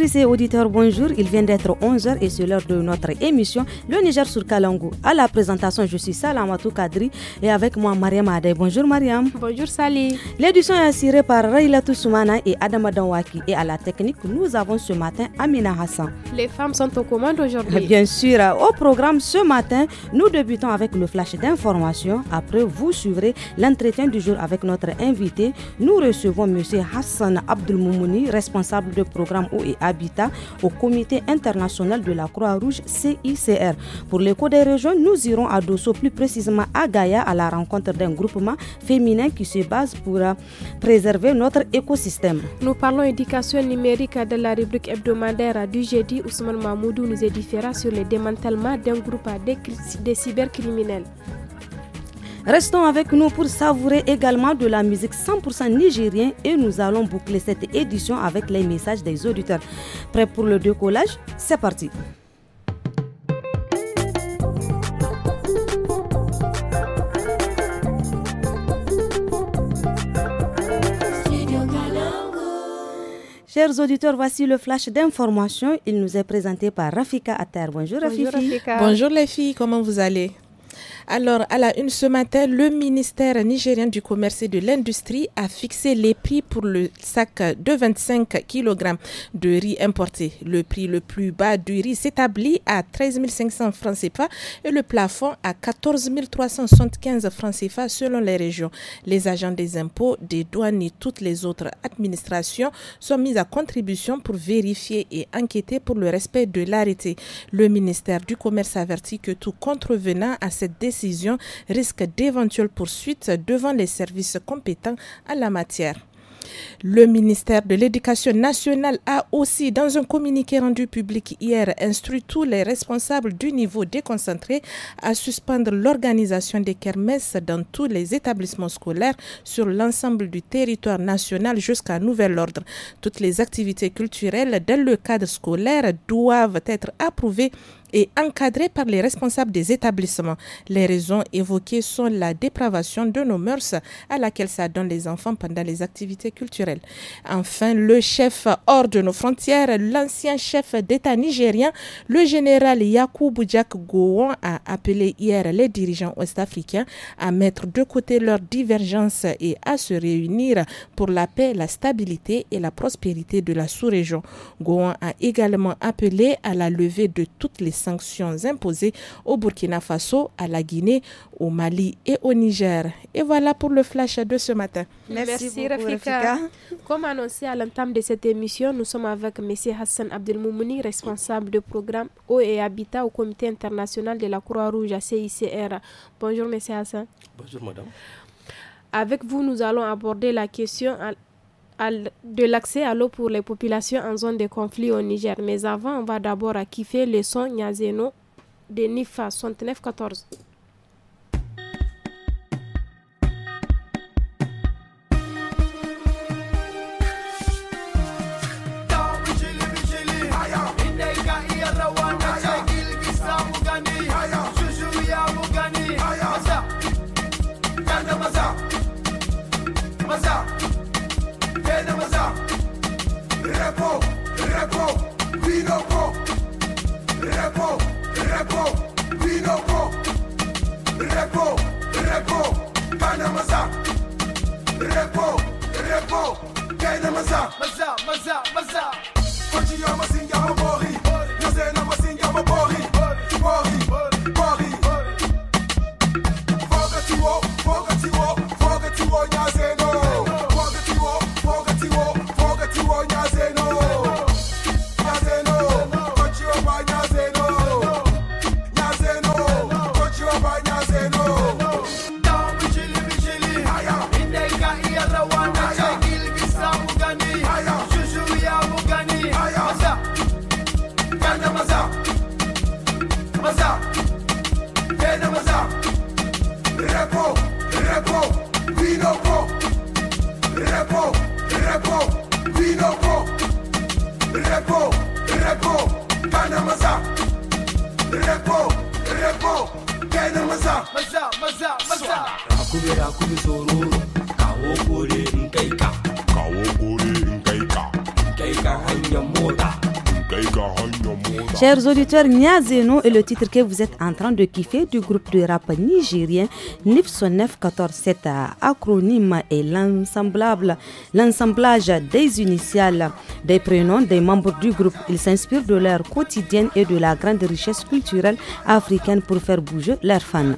et auditeurs, bonjour. Il vient d'être 11h et c'est l'heure de notre émission Le Niger sur Kalangou. À la présentation, je suis Salamatou Kadri et avec moi Mariam Ade. Bonjour Mariam. Bonjour Sali. L'édition est assurée par Raila Toussoumana et Adama Danwaki. Et à la technique, nous avons ce matin Amina Hassan. Les femmes sont aux commandes aujourd'hui. Bien sûr. Au programme ce matin, nous débutons avec le flash d'information. Après, vous suivrez l'entretien du jour avec notre invité. Nous recevons monsieur Hassan moumouni responsable de programme OEA au Comité international de la Croix-Rouge CICR. Pour l'écho des régions, nous irons à Dosso, plus précisément à Gaïa, à la rencontre d'un groupement féminin qui se base pour euh, préserver notre écosystème. Nous parlons éducation numérique de la rubrique hebdomadaire du jeudi. Ousmane Mahmoudou nous édifiera sur le démantèlement d'un groupe de cybercriminels. Restons avec nous pour savourer également de la musique 100% nigérienne et nous allons boucler cette édition avec les messages des auditeurs. Prêt pour le décollage C'est parti Chers auditeurs, voici le flash d'information. Il nous est présenté par Rafika Atter. Bonjour Rafika. Bonjour les filles, comment vous allez alors, à la une ce matin, le ministère nigérien du Commerce et de l'Industrie a fixé les prix pour le sac de 25 kg de riz importé. Le prix le plus bas du riz s'établit à 13 500 francs CFA et le plafond à 14 375 francs CFA selon les régions. Les agents des impôts, des douanes et toutes les autres administrations sont mis à contribution pour vérifier et enquêter pour le respect de l'arrêté. Le ministère du Commerce avertit que tout contrevenant à cette décision décision risque d'éventuelles poursuites devant les services compétents à la matière. Le ministère de l'Éducation nationale a aussi, dans un communiqué rendu public hier, instruit tous les responsables du niveau déconcentré à suspendre l'organisation des kermesses dans tous les établissements scolaires sur l'ensemble du territoire national jusqu'à nouvel ordre. Toutes les activités culturelles dans le cadre scolaire doivent être approuvées et encadré par les responsables des établissements. Les raisons évoquées sont la dépravation de nos mœurs à laquelle s'adonnent les enfants pendant les activités culturelles. Enfin, le chef hors de nos frontières, l'ancien chef d'État nigérien, le général Yakubu Jack Gowon, a appelé hier les dirigeants ouest-africains à mettre de côté leurs divergences et à se réunir pour la paix, la stabilité et la prospérité de la sous-région. Gowon a également appelé à la levée de toutes les sanctions imposées au Burkina Faso, à la Guinée, au Mali et au Niger. Et voilà pour le flash de ce matin. Merci, beaucoup, Rafika. Comme annoncé à l'entame de cette émission, nous sommes avec M. Hassan Abdelmoumouni, responsable de programme eau et habitat au Comité international de la Croix-Rouge à CICR. Bonjour, M. Hassan. Bonjour, madame. Avec vous, nous allons aborder la question de l'accès à l'eau pour les populations en zone de conflit au Niger. Mais avant, on va d'abord à kiffer le son Nyazeno de NIFA 6914. maza, maza, maza, maza. Put your machine. Chers auditeurs, Niazeno est le titre que vous êtes en train de kiffer du groupe de rap nigérien nipso 914. Cet acronyme est l'ensemblage des initiales des prénoms des membres du groupe. Ils s'inspirent de leur quotidienne et de la grande richesse culturelle africaine pour faire bouger leurs fans.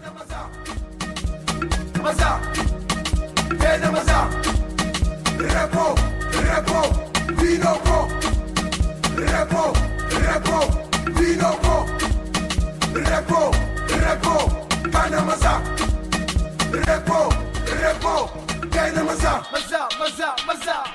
What's up? What's up?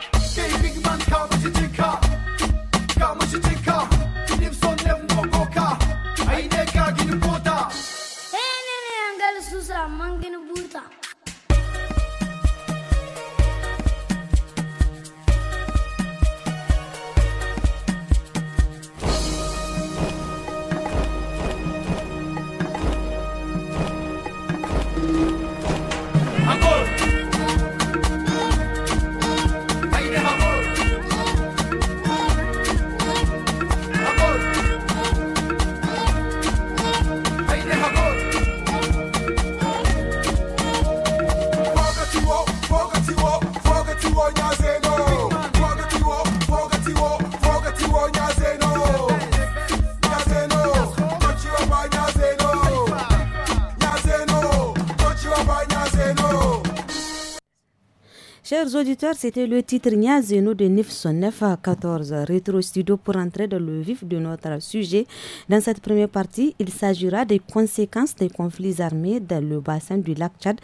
Chers auditeurs, c'était le titre Niazeno de 9 à 14 Rétro Studio pour entrer dans le vif de notre sujet. Dans cette première partie, il s'agira des conséquences des conflits armés dans le bassin du lac Tchad,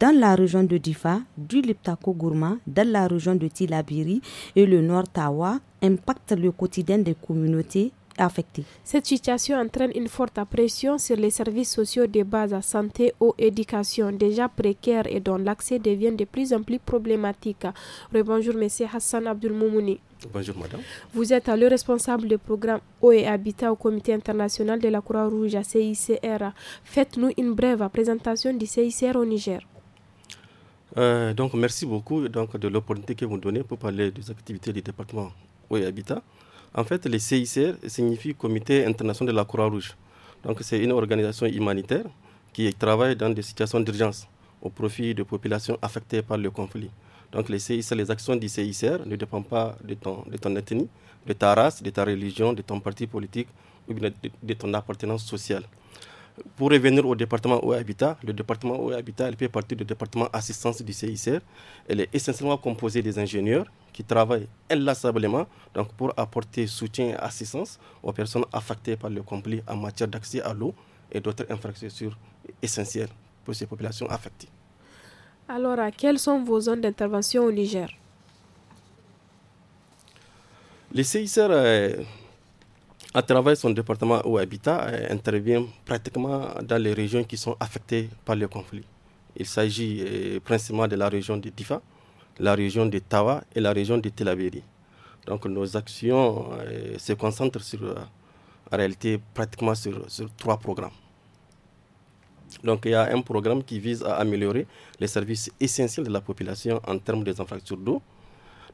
dans la région de Difa, du Liptako Gourma, dans la région de Tilabiri et le Nord Tawa, impactent le quotidien des communautés affectés. Cette situation entraîne une forte pression sur les services sociaux de base à santé ou éducation déjà précaires et dont l'accès devient de plus en plus problématique. Bonjour, Monsieur Hassan Abdul Bonjour madame. Vous êtes le responsable du programme OE Habitat au Comité international de la Croix-Rouge à CICR. Faites-nous une brève présentation du CICR au Niger. Euh, donc merci beaucoup donc, de l'opportunité que vous me donnez pour parler des activités du département OE Habitat. En fait, les CICR signifie Comité international de la Croix-Rouge. Donc, c'est une organisation humanitaire qui travaille dans des situations d'urgence au profit de populations affectées par le conflit. Donc, les, les actions du CICR ne dépendent pas de ton, de ethnie, de ta race, de ta religion, de ton parti politique ou de ton appartenance sociale. Pour revenir au département eau et habitat, le département eau et habitat, fait partie du département assistance du CICR. Elle est essentiellement composée des ingénieurs qui travaillent inlassablement donc pour apporter soutien et assistance aux personnes affectées par le conflit en matière d'accès à l'eau et d'autres infrastructures essentielles pour ces populations affectées. Alors, à euh, quelles sont vos zones d'intervention au Niger Le CICR à travers son département ou habitat, intervient pratiquement dans les régions qui sont affectées par le conflit. Il s'agit euh, principalement de la région de Difa, la région de Tawa et la région de Telaberi. Donc nos actions euh, se concentrent sur, euh, en réalité pratiquement sur, trois programmes. Donc il y a un programme qui vise à améliorer les services essentiels de la population en termes des infrastructures d'eau,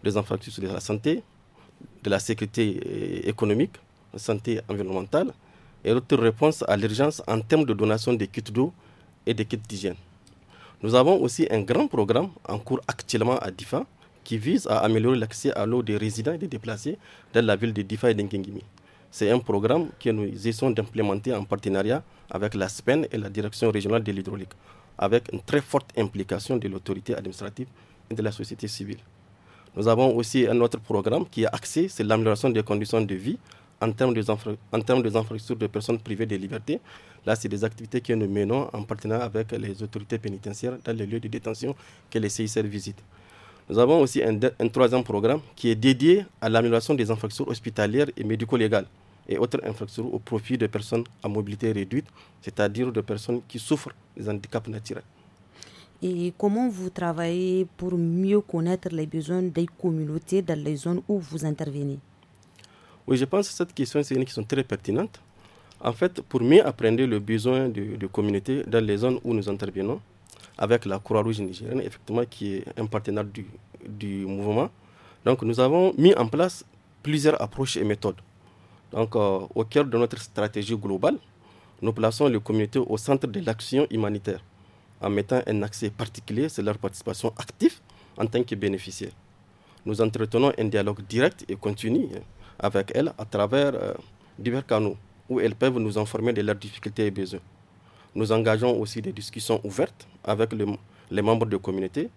des infrastructures de la santé, de la sécurité économique, santé environnementale et l'autre réponse à l'urgence en termes de donation des kits d'eau et des kits d'hygiène. Nous avons aussi un grand programme en cours actuellement à DIFA qui vise à améliorer l'accès à l'eau des résidents et des déplacés dans la ville de DIFA et C'est un programme que nous essayons d'implémenter en partenariat avec la SPEN et la Direction régionale de l'hydraulique, avec une très forte implication de l'autorité administrative et de la société civile. Nous avons aussi un autre programme qui est axé sur l'amélioration des conditions de vie en termes des, en des infrastructures de personnes privées de liberté. Là, c'est des activités que nous menons en partenariat avec les autorités pénitentiaires dans les lieux de détention que les CICR visitent. Nous avons aussi un, troisième programme qui est dédié à l'amélioration des infrastructures hospitalières et médico-légales et autres infrastructures au profit de personnes à mobilité réduite, c'est-à-dire de personnes qui souffrent des handicaps naturels. Et comment vous travaillez pour mieux connaître les besoins des communautés dans les zones où vous intervenez oui, je pense que cette question, c'est une question très pertinente. En fait, pour mieux apprendre le besoin de, communautés dans les zones où nous intervenons, avec la Croix-Rouge nigérienne, effectivement, qui est un partenaire du, mouvement, donc nous avons mis en place plusieurs approches et méthodes. Donc, euh, au cœur de notre stratégie globale, nous plaçons les communautés au centre de l'action humanitaire en mettant un accès particulier sur leur participation active en tant que bénéficiaires. Nous entretenons un dialogue direct et continu hein, avec elles à travers euh, divers canaux où elles peuvent nous informer de leurs difficultés et besoins. Nous engageons aussi des discussions ouvertes avec les membres de la communauté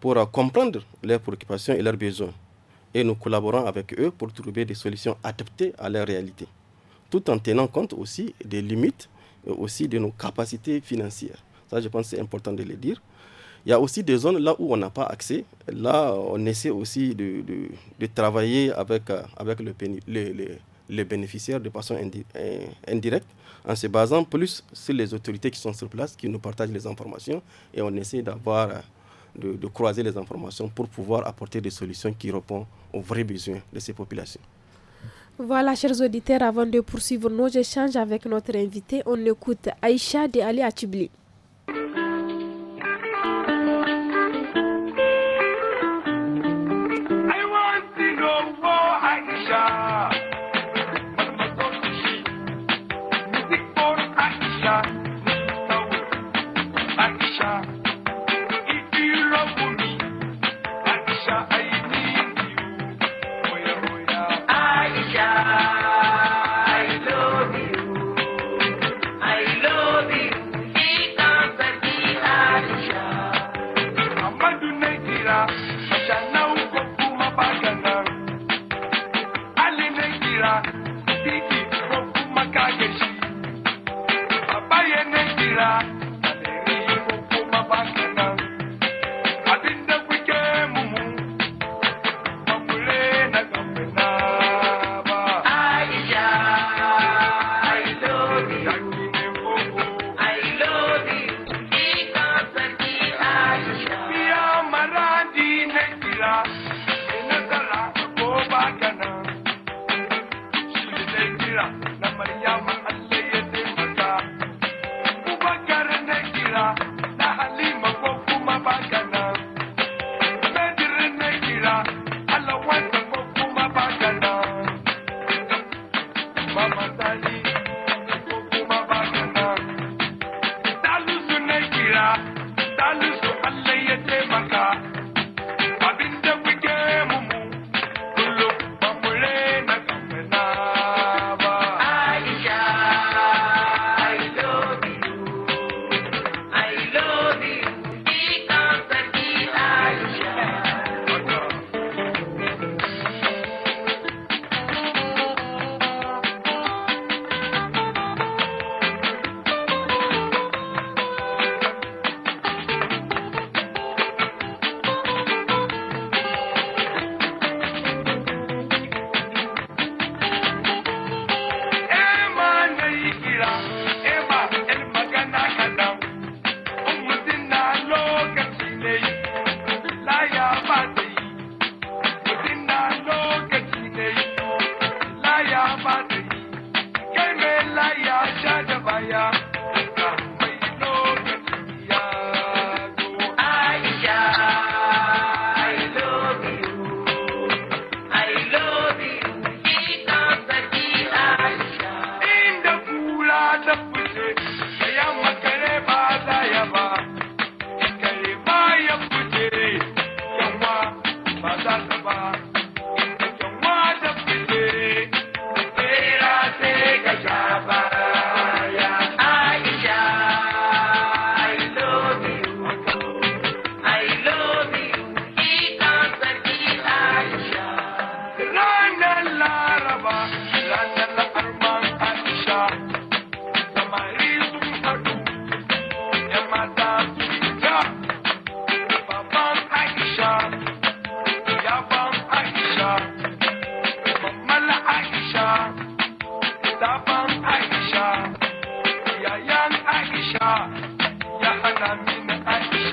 pour euh, comprendre leurs préoccupations et leurs besoins. Et nous collaborons avec eux pour trouver des solutions adaptées à leur réalité, tout en tenant compte aussi des limites et euh, aussi de nos capacités financières. Ça, je pense c'est important de le dire. Il y a aussi des zones là où on n'a pas accès. Là, on essaie aussi de, travailler avec, euh, avec les bénéficiaires de façon indirecte en se basant plus sur les autorités qui sont sur place, qui nous partagent les informations et on essaie d'avoir euh, de, croiser les informations pour pouvoir apporter des solutions qui répondent aux vrais besoins de ces populations. Voilà, chers auditeurs, avant de poursuivre nos échanges avec notre invité, on écoute Aïcha de Ali Atibli.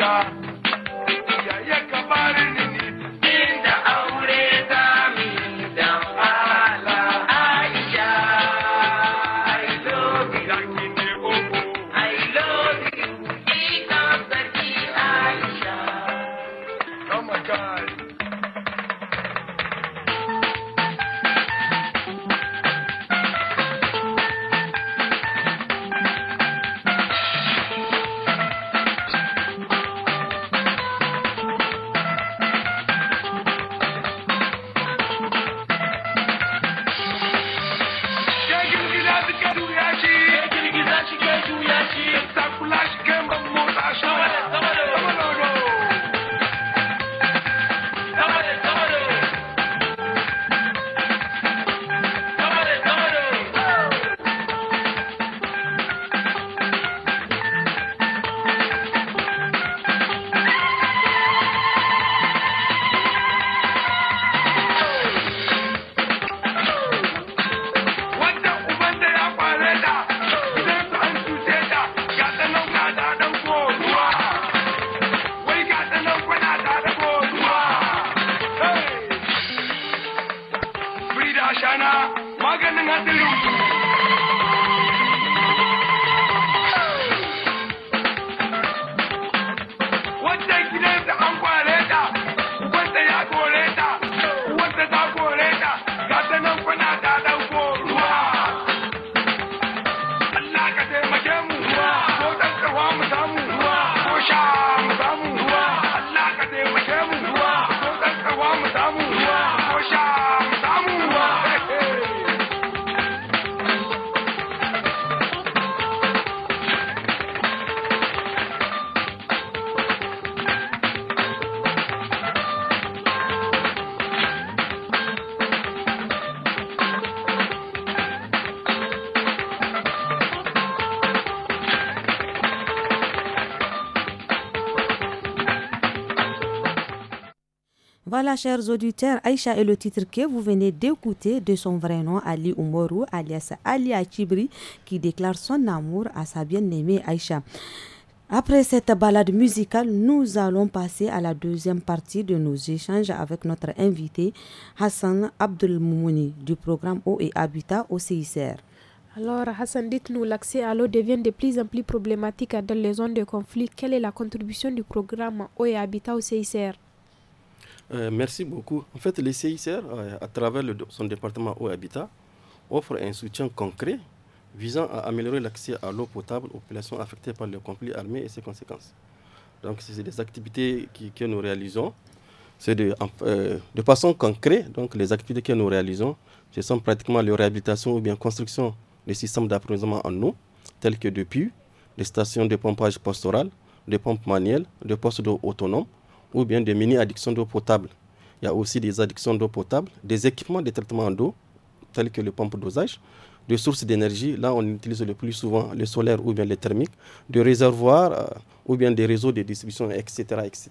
God. voilà, chers auditeurs, Aïcha est le titre que vous venez d'écouter de son vrai nom, Ali Oumourou, alias Ali Achibri, qui déclare son amour à sa bien-aimée Aïcha. Après cette balade musicale, nous allons passer à la deuxième partie de nos échanges avec notre invité Hassan Abdelmouni du programme Eau et Habitat au CICR. Alors Hassan, dites-nous, l'accès à l'eau devient de plus en plus problématique dans les zones de conflit. Quelle est la contribution du programme Eau et Habitat au CICR euh, merci beaucoup. En fait, les CICR, euh, à travers son département eau habitat, offre un soutien concret visant à améliorer l'accès à l'eau potable aux populations affectées par le conflit armé et ses conséquences. Donc, c'est des activités que nous réalisons. Euh, de, façon concrète, donc les activités que nous réalisons, ce sont pratiquement la réhabilitation ou bien construction des systèmes d'approvisionnement en eau, tels que des puits, des stations de pompage pastoral, des pompes manuelles, des postes d'eau autonomes, ou bien des mini-addictions d'eau potable. Il y a aussi des addictions d'eau potable, des équipements de traitement d'eau, tels que les pompes dosage, des sources d'énergie, là on utilise le plus souvent le solaire ou bien le thermique, des réservoirs euh, ou bien des réseaux de distribution, etc. etc.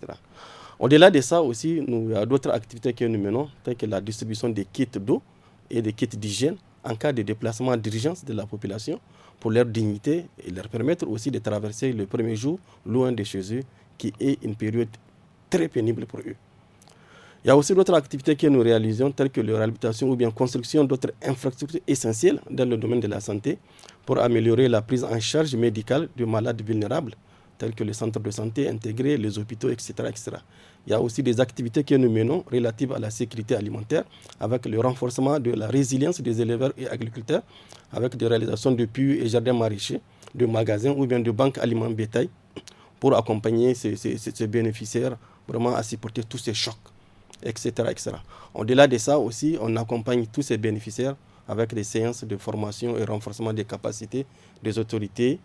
Au-delà de ça aussi, nous, il y a d'autres activités que nous menons, telles que la distribution des kits d'eau et des kits d'hygiène en cas de déplacement d'urgence de la population pour leur dignité et leur permettre aussi de traverser le premier jour loin de chez eux, qui est une période très pénible pour eux. Il y a aussi d'autres activités que nous réalisons, telles que la réhabilitation ou bien construction d'autres infrastructures essentielles dans le domaine de la santé pour améliorer la prise en charge médicale de malades vulnérables, tels que les centres de santé intégrés, les hôpitaux, etc., etc. Il y a aussi des activités que nous menons relatives à la sécurité alimentaire, avec le renforcement de la résilience des éleveurs et agriculteurs, avec des réalisations de puits et jardins maraîchers, de magasins ou bien de banques aliments bétail, pour accompagner ces bénéficiaires vraiment à supporter tous ces chocs, etc. etc. Au-delà de ça aussi, on accompagne tous ces bénéficiaires avec des séances de formation et renforcement des capacités des autorités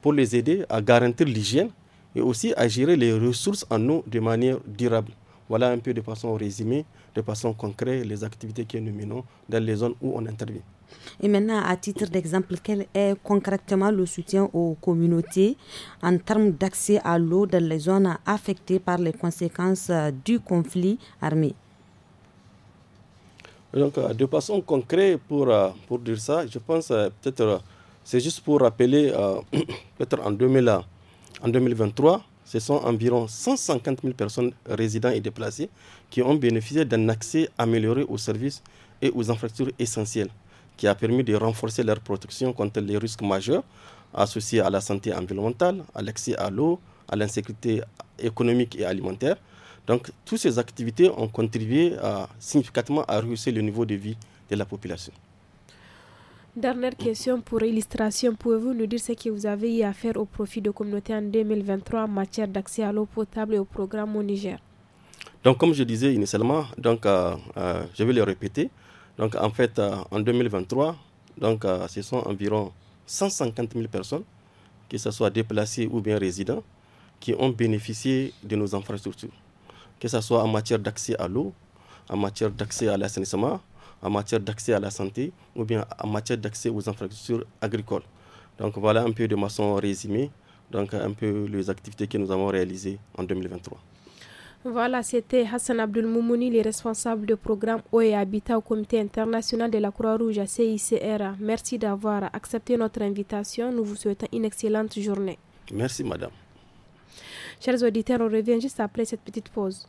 pour les aider à garantir l'hygiène et aussi à gérer les ressources en eau de manière durable. Voilà un peu de façon résumée de façon concrète les activités que nous menons dans les zones où on intervient. Et maintenant, à titre d'exemple, quel est concrètement le soutien aux communautés en termes d'accès à l'eau dans les zones affectées par les conséquences euh, du conflit armé Donc, euh, de façon concrète, pour, euh, pour dire ça, je pense peut-être, c'est juste pour rappeler, peut-être en, 2000, en 2023, ce sont environ 150 000 personnes résidentes et déplacées qui ont bénéficié d'un accès amélioré aux services et aux infrastructures essentielles, qui a permis de renforcer leur protection contre les risques majeurs associés à la santé environnementale, à l'accès à l'eau, à l'insécurité économique et alimentaire. Donc, toutes ces activités ont contribué significativement à rehausser le niveau de vie de la population. Dernière question pour illustration. Pouvez-vous nous dire ce que vous avez eu à faire au profit de communautés en 2023 en matière d'accès à l'eau potable et au programme au Niger Donc, comme je disais initialement, euh, euh, je vais le répéter. Donc, en fait, euh, en 2023, donc, ce sont environ 150 000 personnes, que ce soit déplacées ou bien résidents, qui ont bénéficié de nos infrastructures, que ce soit en matière d'accès à l'eau, en matière d'accès à l'assainissement, en matière d'accès à la santé ou bien en matière d'accès aux infrastructures agricoles. Donc voilà un peu de maçon résumé, donc un peu les activités que nous avons réalisées en 2023. Voilà, c'était Hassan Abdul Moumouni, le responsable du programme OE Habitat au Comité international de la Croix-Rouge à CICRA. Merci d'avoir accepté notre invitation. Nous vous souhaitons une excellente journée. Merci, madame. Chers auditeurs, on revient juste après cette petite pause.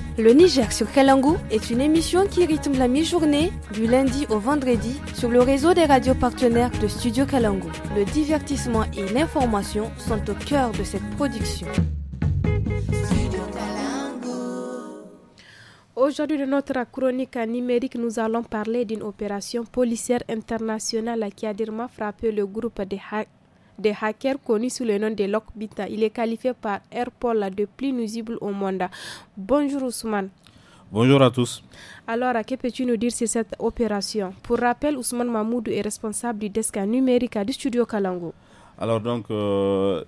Le Niger sur kalango est une émission qui rythme la mi-journée du lundi au vendredi sur le réseau des radios partenaires de Studio Kalango. Le divertissement et l'information sont au cœur de cette production. Aujourd'hui, dans notre chronique numérique, nous allons parler d'une opération policière internationale qui a durement frappé le groupe des hackers des hackers connus sous le nom de LockBit. Il est qualifié par Airpol de plus nuisible au monde. Bonjour Ousmane. Bonjour à tous. Alors, à que peux-tu nous dire sur cette opération Pour rappel, Ousmane Mahmoud est responsable du desk numérique du studio Kalango. Alors, donc, euh,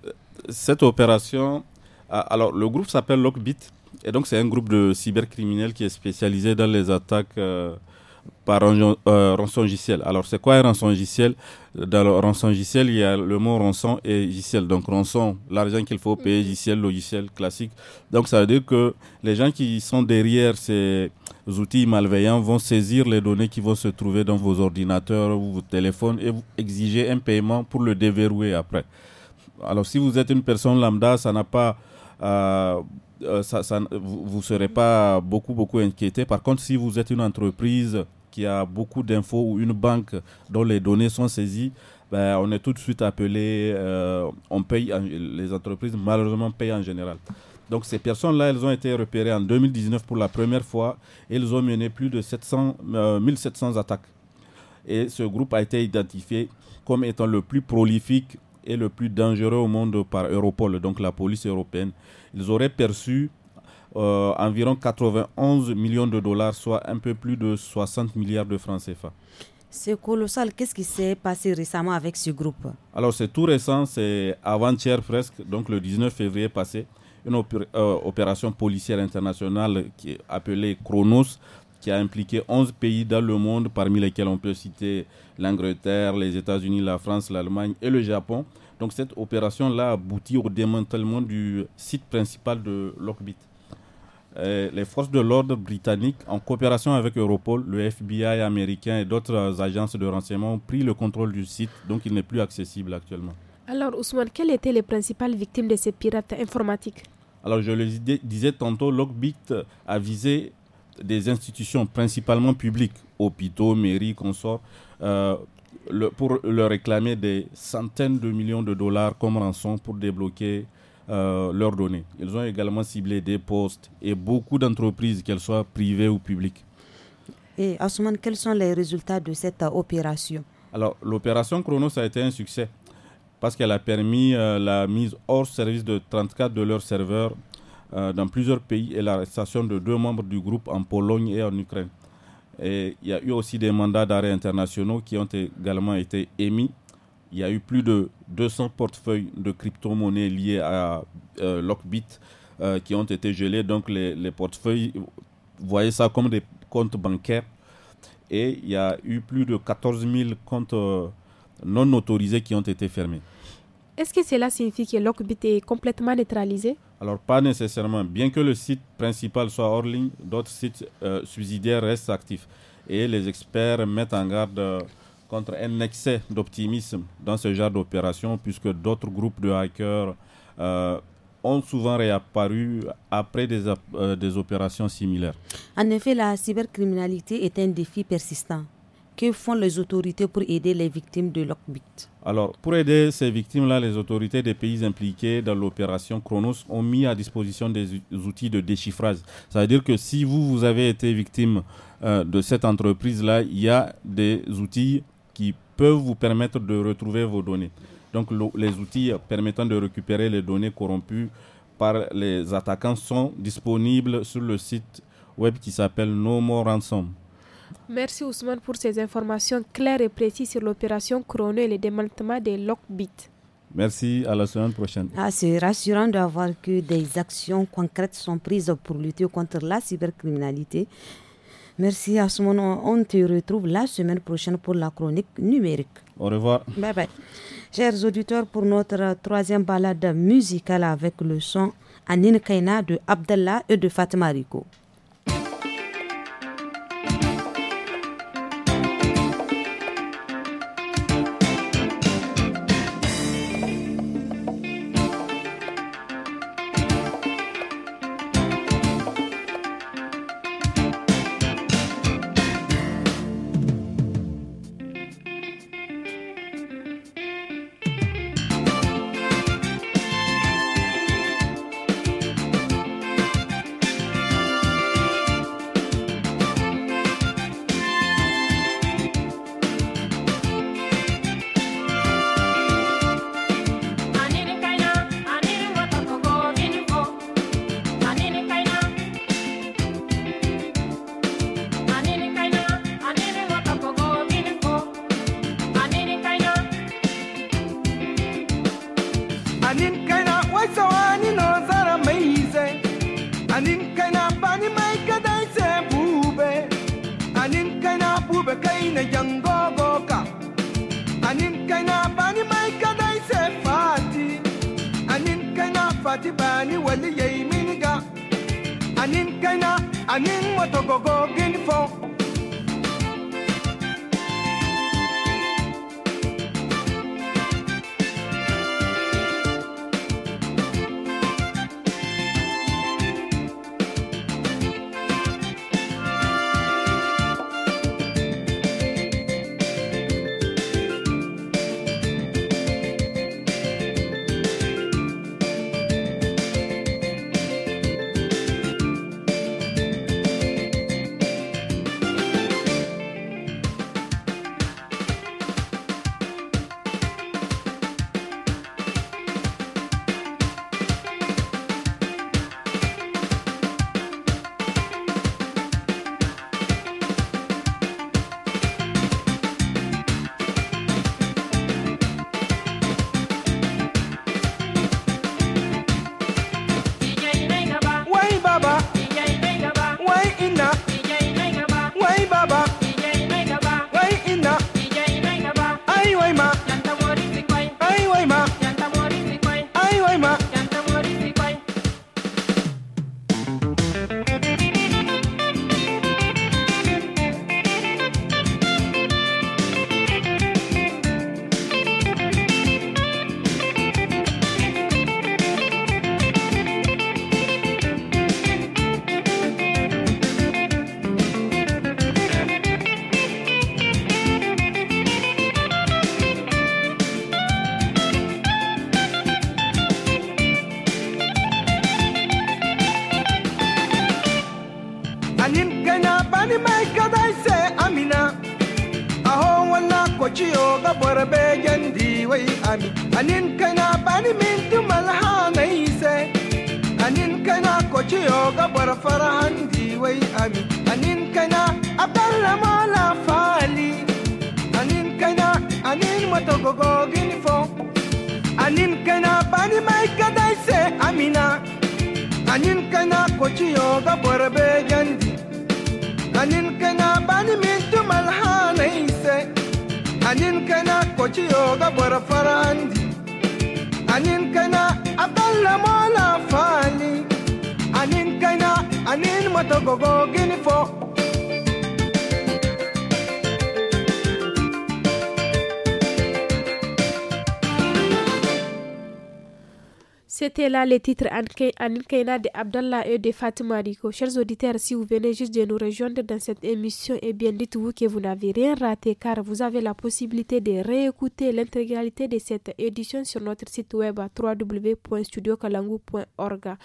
cette opération, alors le groupe s'appelle Lockbit, et donc c'est un groupe de cybercriminels qui est spécialisé dans les attaques. Euh, par ransom euh, rançon Alors, c'est quoi un rançon Dans le rançon il y a le mot rançon et logiciel Donc, rançon, l'argent qu'il faut payer, logiciel mhm. logiciel classique. Donc, ça veut dire que les gens qui sont derrière ces outils malveillants vont saisir les données qui vont se trouver dans vos ordinateurs ou vos téléphones et vous exiger un paiement pour le déverrouiller après. Alors, si vous êtes une personne lambda, ça n'a pas. Euh, euh, ça, vous ne serez pas beaucoup, beaucoup inquiété. Par contre, si vous êtes une entreprise qui a beaucoup d'infos ou une banque dont les données sont saisies, ben, on est tout de suite appelé, euh, on paye, les entreprises malheureusement payent en général. Donc ces personnes-là, elles ont été repérées en 2019 pour la première fois et elles ont mené plus de 700, 1700 euh, attaques. Et ce groupe a été identifié comme étant le plus prolifique et le plus dangereux au monde par Europol, donc la police européenne. Ils auraient perçu euh, environ 91 millions de dollars, soit un peu plus de 60 milliards de francs CFA. C'est colossal. Qu'est-ce qui s'est passé récemment avec ce groupe Alors, c'est tout récent, c'est avant-hier presque, donc le 19 février passé, une euh, opération policière internationale qui appelée Chronos, qui a impliqué 11 pays dans le monde, parmi lesquels on peut citer l'Angleterre, les États-Unis, la France, l'Allemagne et le Japon. Donc, cette opération-là aboutit au démantèlement du site principal de Lockbit. Euh, les forces de l'ordre britanniques, en coopération avec Europol, le FBI américain et d'autres agences de renseignement ont pris le contrôle du site, donc il n'est plus accessible actuellement. Alors Ousmane, quelles étaient les principales victimes de ces pirates informatiques Alors je le disais tantôt, Lockbit a visé des institutions principalement publiques, hôpitaux, mairies, consorts, euh, pour leur réclamer des centaines de millions de dollars comme rançon pour débloquer leurs leur Ils ont également ciblé des postes et beaucoup d'entreprises, qu'elles soient privées ou publiques. Et Asuman, quels sont les résultats de cette euh, opération Alors, l'opération Chronos a été un succès parce qu'elle a permis euh, la mise hors service de 34 de leurs serveurs euh, dans plusieurs pays et l'arrestation de deux membres du groupe en Pologne et en Ukraine. Et il y a eu aussi des mandats d'arrêt internationaux qui ont également été émis il y a eu plus de 200 portefeuilles de crypto-monnaies liées à euh, Lockbit euh, qui ont été gelés. Donc les, les portefeuilles, voyez ça comme des comptes bancaires. Et il y a eu plus de 14 000 comptes euh, non autorisés qui ont été fermés. Est-ce que cela signifie que Lockbit est complètement neutralisé Alors pas nécessairement. Bien que le site principal soit hors ligne, d'autres sites subsidiaires restent actifs. Et les experts mettent en garde contre un excès d'optimisme dans ce genre d'opération, puisque d'autres groupes de hackers euh, ont souvent réapparu après euh, des, opérations similaires. En effet, la cybercriminalité est un défi persistant. Que font les autorités pour aider les victimes de Lockbit Alors, pour aider ces victimes-là, les autorités des pays impliqués dans l'opération Chronos ont mis à disposition des outils de déchiffrage. cest à dire que si vous, vous avez été victime euh, de cette entreprise-là, il y a des outils qui peuvent vous permettre de retrouver vos données. Donc les outils permettant de récupérer les données corrompues par les attaquants sont disponibles sur le site web qui s'appelle No More Ransom. Merci Ousmane pour ces informations claires et précises sur l'opération Chrono et le démantèlement des Lockbit. Merci, à la semaine prochaine. Ah, C'est rassurant d'avoir que des actions concrètes sont prises pour lutter contre la cybercriminalité. Merci à ce moment. On te retrouve la semaine prochaine pour la chronique numérique. Au revoir. Bye bye. Chers auditeurs, pour notre troisième balade musicale avec le son Anine Kaina de Abdallah et de Fatima Rico. anin kana kochi yoga bara farandi anin kana aballa mola fani anin kana anin motogogo gini fo C'était là les titres Anilkaina de Abdallah et de Fatima Rico. Chers auditeurs, si vous venez juste de nous rejoindre dans cette émission, eh bien, dites-vous que vous n'avez rien raté car vous avez la possibilité de réécouter l'intégralité de cette édition sur notre site web à www.studiokalangu.org.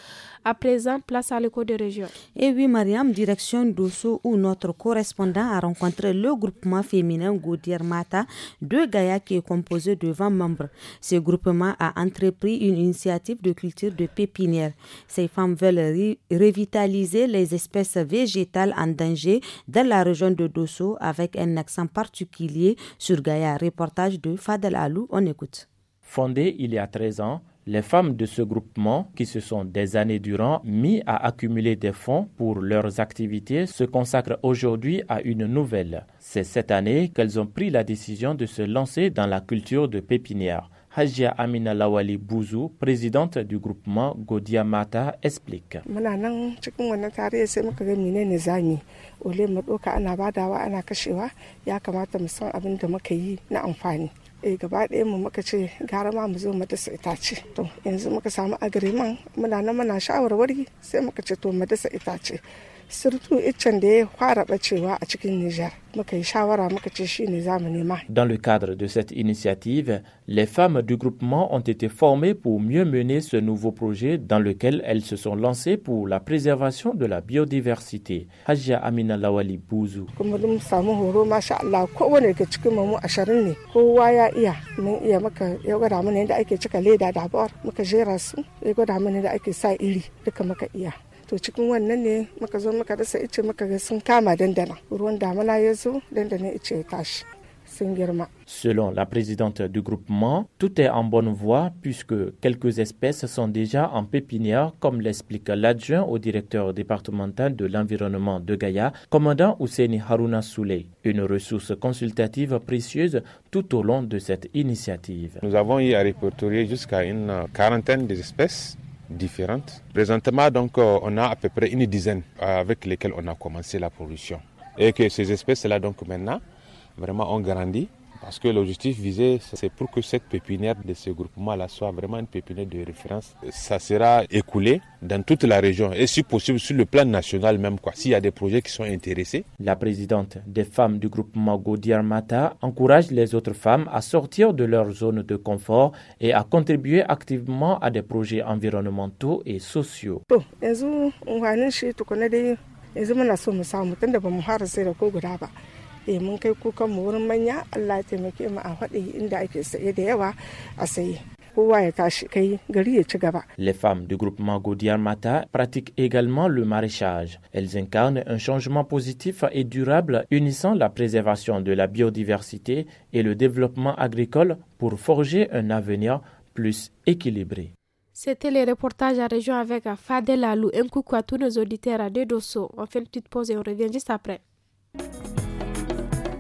À présent, place à l'écho de région. Et eh oui, Mariam, direction d'Osso où notre correspondant a rencontré le groupement féminin Gaudier Mata de Gaïa qui est composé de 20 membres. Ce groupement a entrepris une initiative de culture de pépinière. Ces femmes veulent revitaliser les espèces végétales en danger dans la région de Dosso avec un accent particulier sur Gaïa. Reportage de Fadel Alou, on écoute. Fondée il y a 13 ans, les femmes de ce groupement, qui se sont des années durant mis à accumuler des fonds pour leurs activités, se consacrent aujourd'hui à une nouvelle. C'est cette année qu'elles ont pris la décision de se lancer dans la culture de pépinière. Hajia Amina Lawali Bouzou, présidente du groupement Godia Mata, explique. Muna nan cikin wannan tarihi sai muka ga menene zami. Ole mu doka ana badawa ana kashewa ya kamata mu san abin da muka yi na amfani. eh gaba ɗaya mu muka ce gara ma mu zo mu dasa to yanzu muka samu agreement muna nan muna shawarwari sai muka ce to mu dasa itace dans le cadre de cette initiative, les femmes du groupement ont été formées pour mieux mener ce nouveau projet dans lequel elles se sont lancées pour la préservation de la biodiversité. Selon la présidente du groupement, tout est en bonne voie puisque quelques espèces sont déjà en pépinière, comme l'explique l'adjoint au directeur départemental de l'environnement de Gaïa, commandant Ouseni Haruna Souley. Une ressource consultative précieuse tout au long de cette initiative. Nous avons eu à répertorier jusqu'à une quarantaine d'espèces différentes. Présentement, donc, euh, on a à peu près une dizaine avec lesquelles on a commencé la pollution. Et que ces espèces-là, donc, maintenant, vraiment ont grandi parce que l'objectif visé, c'est pour que cette pépinière de ce groupement-là soit vraiment une pépinière de référence. Ça sera écoulé dans toute la région et si possible sur le plan national même, quoi, s'il y a des projets qui sont intéressés. La présidente des femmes du groupement Gaudier encourage les autres femmes à sortir de leur zone de confort et à contribuer activement à des projets environnementaux et sociaux. Bon, les femmes du groupement godiar Mata pratiquent également le maraîchage. Elles incarnent un changement positif et durable unissant la préservation de la biodiversité et le développement agricole pour forger un avenir plus équilibré. C'était les reportages à région avec Fadel Alou. Un coucou à tous nos auditeurs à deux dosso. On fait une petite pause et on revient juste après.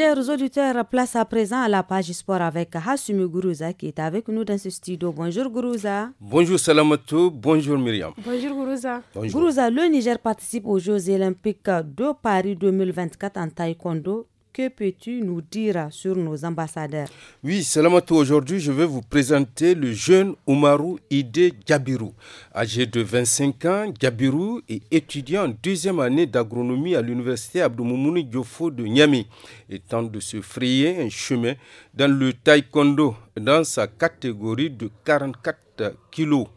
Chers auditeurs, place à présent à la page sport avec Hassumi Gourouza qui est avec nous dans ce studio. Bonjour Gourouza. Bonjour Salamatou, bonjour Myriam. Bonjour Gourouza. Bonjour. Gourouza, le Niger participe aux Jeux olympiques de Paris 2024 en taekwondo que peux-tu nous dire sur nos ambassadeurs Oui, Salamatou, aujourd'hui je vais vous présenter le jeune Oumarou Ide Gabirou. Âgé de 25 ans, Gabirou est étudiant en deuxième année d'agronomie à l'université Abdoumoumouni Diofo de Niamey et tente de se frayer un chemin dans le taekwondo dans sa catégorie de 44 kilos.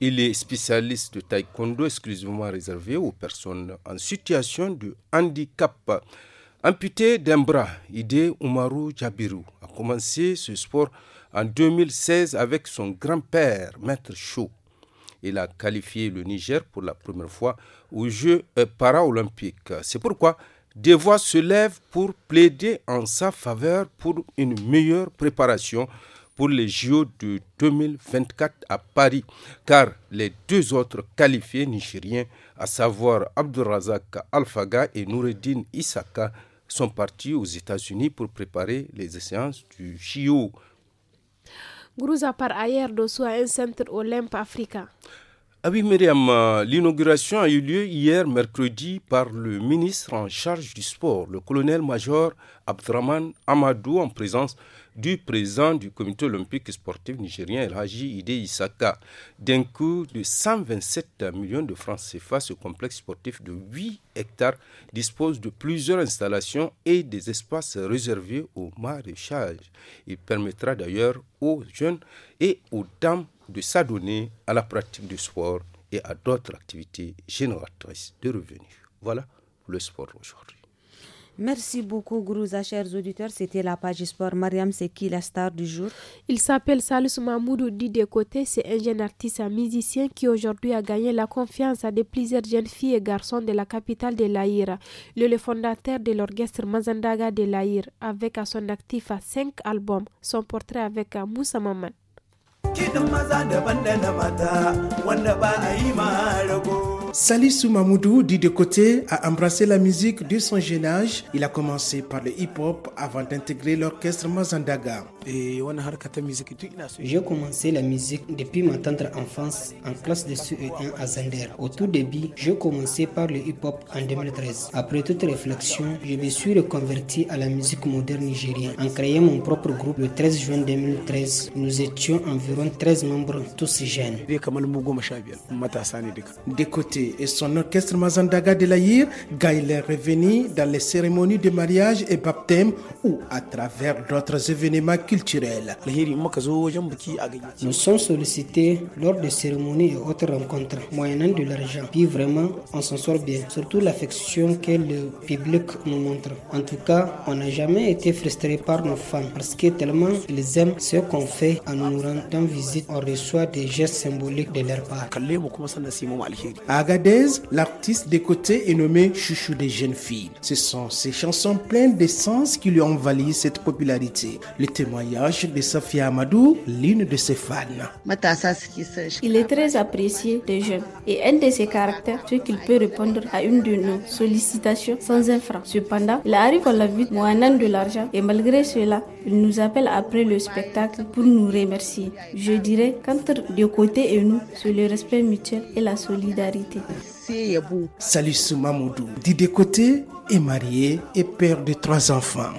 Il est spécialiste de taekwondo exclusivement réservé aux personnes en situation de handicap. Amputé d'un bras, Idé Umaru Jabiru a commencé ce sport en 2016 avec son grand-père, Maître Chou. Il a qualifié le Niger pour la première fois aux Jeux paralympiques. C'est pourquoi des voix se lèvent pour plaider en sa faveur pour une meilleure préparation pour les JO de 2024 à Paris, car les deux autres qualifiés nigériens, à savoir al Alfaga et Noureddin Issaka, sont partis aux États-Unis pour préparer les séances du Chio. Grouza par ailleurs soi, un centre Olympe Africa. Ah oui, Myriam, euh, l'inauguration a eu lieu hier mercredi par le ministre en charge du sport, le colonel-major Abdraman Amadou, en présence du président du comité olympique sportif nigérien El Haji Ide Isaka. D'un coût de 127 millions de francs CFA, ce complexe sportif de 8 hectares dispose de plusieurs installations et des espaces réservés au maraîchage. Il permettra d'ailleurs aux jeunes et aux dames de s'adonner à la pratique du sport et à d'autres activités génératrices de revenus. Voilà le sport aujourd'hui. Merci beaucoup, à chers auditeurs. C'était la page sport. Mariam, c'est qui la star du jour Il s'appelle Salus Mahmoud de Côté. C'est un jeune artiste un musicien qui aujourd'hui a gagné la confiance de plusieurs jeunes filles et garçons de la capitale de laïra. le fondateur de l'orchestre Mazandaga de l'Aïr, avec à son actif à cinq albums. Son portrait avec Moussa Maman. kiɗin maza daban da na mata wanda ba a yi ma rago. Salisu Mamoudou, dit de côté, a embrassé la musique dès son jeune âge. Il a commencé par le hip-hop avant d'intégrer l'orchestre Mazandaga. J'ai commencé la musique depuis ma tendre enfance en classe de CE1 à Zander. Au tout début, j'ai commencé par le hip-hop en 2013. Après toute réflexion, je me suis reconverti à la musique moderne nigérienne en créant mon propre groupe le 13 juin 2013. Nous étions environ 13 membres, tous jeunes et son orchestre Mazandaga de l'Aïr, Gaïla est revenu dans les cérémonies de mariage et baptême ou à travers d'autres événements culturels. Nous sommes sollicités lors des cérémonies et autres rencontres, moyennant de l'argent. Puis vraiment, on s'en sort bien, surtout l'affection que le public nous montre. En tout cas, on n'a jamais été frustré par nos femmes parce que tellement ils aiment ce qu'on fait en nous rendant visite, on reçoit des gestes symboliques de leur part l'artiste des côtés est nommé Chouchou des jeunes filles. Ce sont ses chansons pleines d'essence qui lui ont valu cette popularité. Le témoignage de Safia Amadou, l'une de ses fans. Il est très apprécié des jeunes et un de ses caractères, c'est qu'il peut répondre à une de nos sollicitations sans un franc. Cependant, il arrive à la vie moins de l'argent et malgré cela, il nous appelle après le spectacle pour nous remercier. Je dirais qu'entre deux côtés et nous, c'est le respect mutuel et la solidarité. Salut Soumamoudou, dit de côté, est marié et père de trois enfants.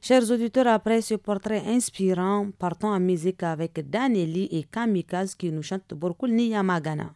Chers auditeurs, après ce portrait inspirant, partons en musique avec Danelli et Kamikaze qui nous chantent Borkul Niyamagana.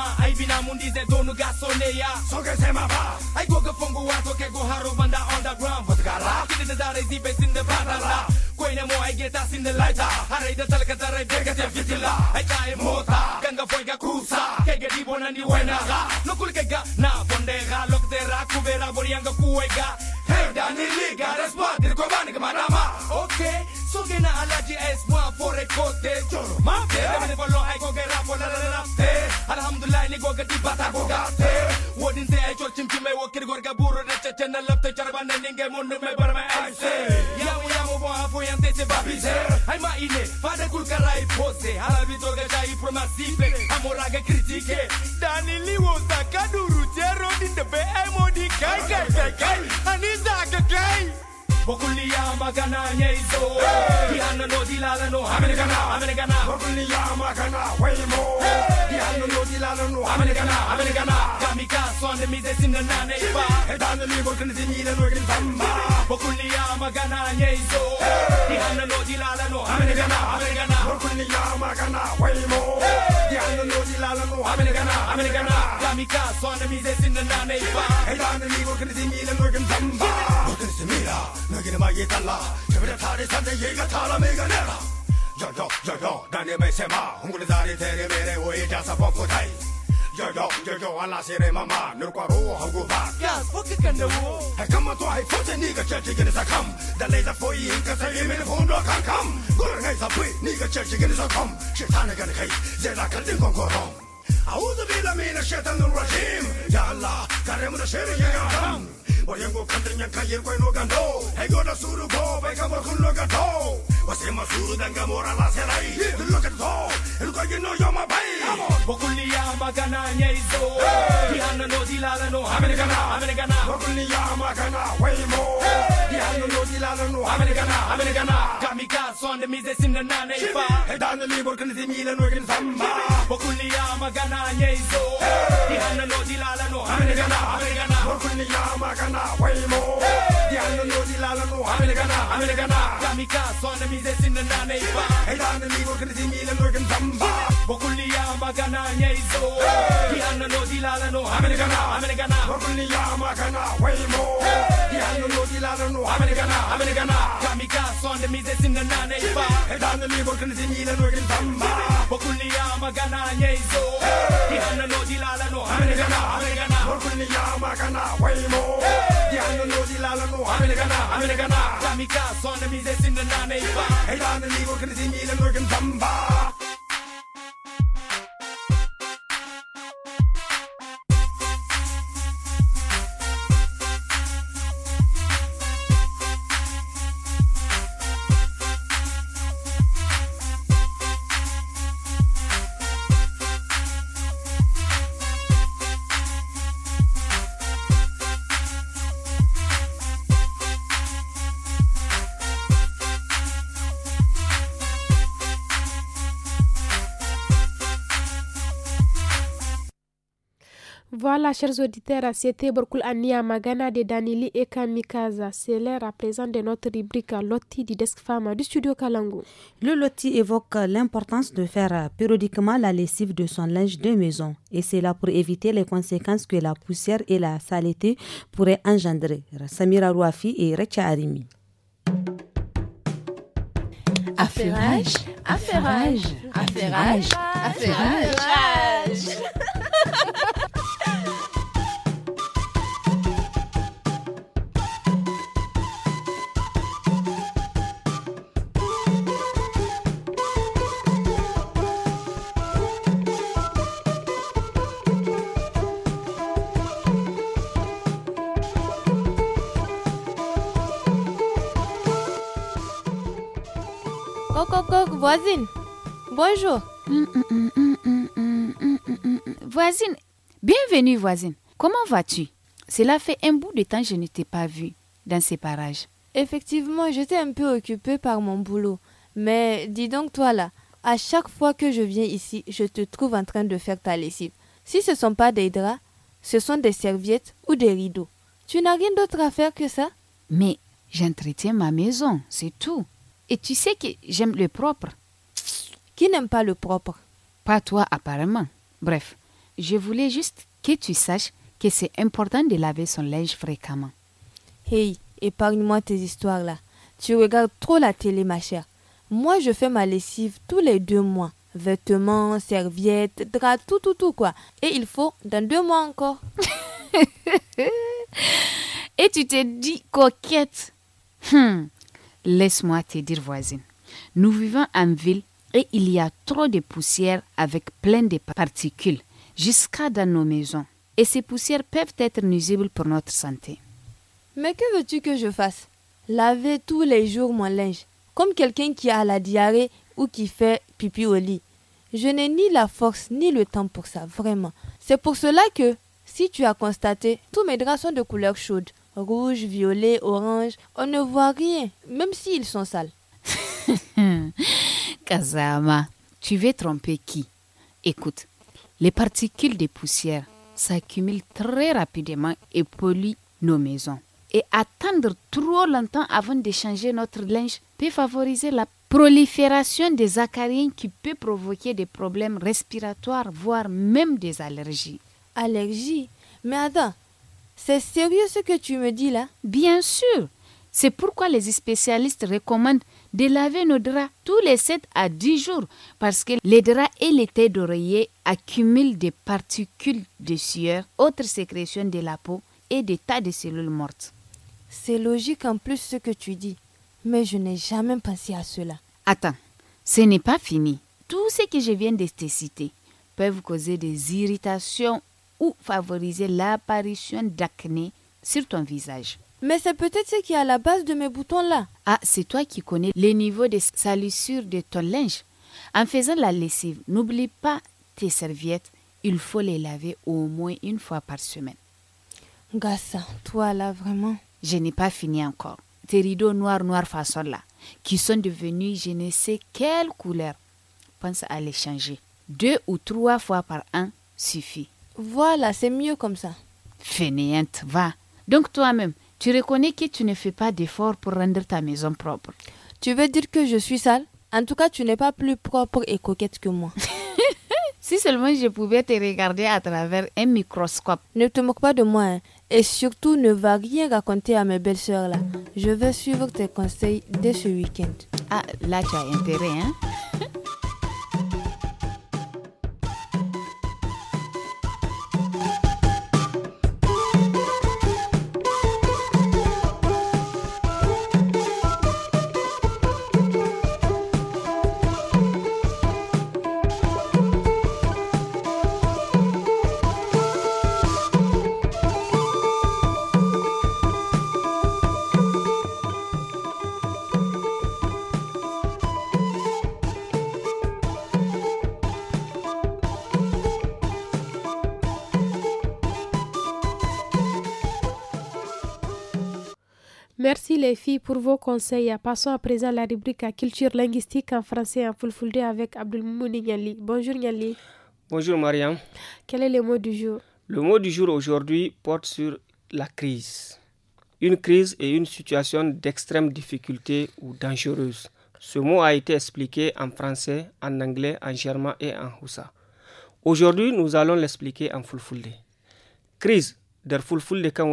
まアイビナムンディゼドヌガソネヤそげせまばアイゴガフォンゴワトケゴハロバンダオンダグランボトガラキデデダレディベスンデバダラ ኮይነ ሞ አይጌታ ሲንላይታ አረይደ ተለከተረ ደገተ ፊትላ አይጣይ ሞታ ገንገ ፎይጋ ኩሳ ከገዲ ቦነኒ ወይናጋ ንኩል ከጋ ና ቦንዴጋ ሎክቴራ ኩቤራ ቦሪያንገ ኩወይጋ ሄዳኒ ሊጋ ረስቧ ድርኮባንግ ማናማ ኦኬ so can I let you ask one for a cote? Choro, mate. Never follow, I go get up Alhamdulillah, ni gogati bata go gatte. What in the actual chimchi may walk it, go gaburu, the chechen, the love, the charban, and ninga, me, but my eyes say. Yamu, yamu, boafu, and this is Babi's hair. I'm a ine, father kulkara i pose. Harabitoga jai from a sipe. Amoraga kritike. Dani Liwo Sakaduru. magana yezo. Dihana no dilala no amenegana amenegana Hokulia magana waymo Dihana no dilala no amenegana amenegana Kamika swane mize sinna nane ba Edana ni bokun zinila no gin tamba Hokulia magana yezo. Dihana no dilala no amenegana amenegana Hokulia magana waymo Dihana no dilala no amenegana amenegana Kamika swane mize sinna nane ba Edana ni bokun zinila no gin tamba Hokulia magana nyeizo 嘛？前面的他的三天一个他了没个脸了。哟哟哟哟，让你没钱嘛？红军的咱的天天没得我一家三帮不带。yo yo yo yo ala sere mama nurkwa ro hagu ba yes fuck kande wo ha kama to hai fote ni ga church gine sa kam da le da foi in ka sai me phone ro kan kam gur ngai sa pui ni ga church gine sa kam shaitan ga ngai je da kan din kon ko ro a'udhu billahi minash shaitanir rajim ya allah karim da shere ya haram wayango kante nyaka yergo ino gando hego da suru go beka morkun lo gando Wasema zuru danga la serai Look at all, and look you know you're my babe Wakulia magana nyeizo Dihana no dilala no Americana Americana Wakulia magana way more Dihana no dilala no Americana Americana Kamikaze on the mize na nane ifa Edana libor kani zimila no ekin samba Wakulia magana nyeizo Dihana no dilala no Americana Americana Wakulia magana way more Diano Yoni Lalano, Americana, Americana, Yamika, Sonamides in the Naneva, and on the Nigo Krizimi and Lurgan Tamba, Bokulia, Magana, Yezo, Diano Yoni Lalano, Americana, Americana, Bokulia, Magana, way more, Diano Yoni Lalano, Americana, Americana, Yamika, Sonamides in the Naneva, and on the Nigo Krizimi and Lurgan Tamba, Bokulia, Magana, Yezo, Diano Yoni Lalano, Americana, Americana, Bokulia, Magana, way more lalano, I'm in a Ghana, I'm in a Ghana. Kamikaze, enemies, they seem to not name. Hey, down the legal, can see me, and look and chers auditeurs, c'était Borkul Ania Magana de Danili et Mikaza C'est l'heure à présent de notre rubrique Lotti du Desk Pharma du studio Kalangu. Le Lotti évoque l'importance de faire périodiquement la lessive de son linge de maison. Et c'est là pour éviter les conséquences que la poussière et la saleté pourraient engendrer. Samira Rouafi et Recha Arimi. affairage, affairage, affairage. affairage. voisine. Bonjour. voisine, bienvenue voisine. Comment vas-tu Cela fait un bout de temps que je ne t'ai pas vue dans ces parages. Effectivement, j'étais un peu occupée par mon boulot. Mais dis donc toi là, à chaque fois que je viens ici, je te trouve en train de faire ta lessive. Si ce ne sont pas des draps, ce sont des serviettes ou des rideaux. Tu n'as rien d'autre à faire que ça Mais j'entretiens ma maison, c'est tout. Et tu sais que j'aime le propre. Qui n'aime pas le propre Pas toi apparemment. Bref, je voulais juste que tu saches que c'est important de laver son linge fréquemment. Hey, épargne-moi tes histoires là. Tu regardes trop la télé, ma chère. Moi, je fais ma lessive tous les deux mois. Vêtements, serviettes, draps, tout, tout, tout quoi. Et il faut dans deux mois encore. Et tu t'es dit coquette. Hmm. Laisse-moi te dire, voisine. Nous vivons en ville et il y a trop de poussière avec plein de particules, jusqu'à dans nos maisons. Et ces poussières peuvent être nuisibles pour notre santé. Mais que veux-tu que je fasse Laver tous les jours mon linge, comme quelqu'un qui a la diarrhée ou qui fait pipi au lit. Je n'ai ni la force ni le temps pour ça, vraiment. C'est pour cela que, si tu as constaté, tous mes draps sont de couleur chaude rouge, violet, orange, on ne voit rien, même s'ils sont sales. Kazama, tu veux tromper qui Écoute, les particules de poussière s'accumulent très rapidement et polluent nos maisons. Et attendre trop longtemps avant changer notre linge peut favoriser la prolifération des acariens qui peut provoquer des problèmes respiratoires, voire même des allergies. Allergies Mais c'est sérieux ce que tu me dis là Bien sûr. C'est pourquoi les spécialistes recommandent de laver nos draps tous les 7 à 10 jours parce que les draps et les têtes d'oreiller accumulent des particules de sueur, autres sécrétions de la peau et des tas de cellules mortes. C'est logique en plus ce que tu dis, mais je n'ai jamais pensé à cela. Attends, ce n'est pas fini. Tout ce que je viens de te citer vous causer des irritations ou favoriser l'apparition d'acné sur ton visage. Mais c'est peut-être ce qui est à la base de mes boutons-là. Ah, c'est toi qui connais les niveaux de salissure de ton linge. En faisant la lessive, n'oublie pas tes serviettes. Il faut les laver au moins une fois par semaine. Gassa, toi là vraiment. Je n'ai pas fini encore. Tes rideaux noirs, noirs façon là, qui sont devenus je ne sais quelle couleur, pense à les changer. Deux ou trois fois par an suffit. Voilà, c'est mieux comme ça. Fainéante, va. Donc toi-même, tu reconnais que tu ne fais pas d'efforts pour rendre ta maison propre. Tu veux dire que je suis sale En tout cas, tu n'es pas plus propre et coquette que moi. si seulement je pouvais te regarder à travers un microscope. Ne te moque pas de moi. Hein. Et surtout, ne va rien raconter à mes belles-sœurs là. Je vais suivre tes conseils dès ce week-end. Ah, là, tu as intérêt, hein Merci les filles pour vos conseils. Passons à présent à la rubrique culture linguistique en français en fulfulde avec Abdelmouni Niali. Bonjour Niali. Bonjour Marianne. Quel est le mot du jour Le mot du jour aujourd'hui porte sur la crise. Une crise est une situation d'extrême difficulté ou dangereuse. Ce mot a été expliqué en français, en anglais, en germain et en houssa. Aujourd'hui, nous allons l'expliquer en fulfulde. Crise, der fulfulde kan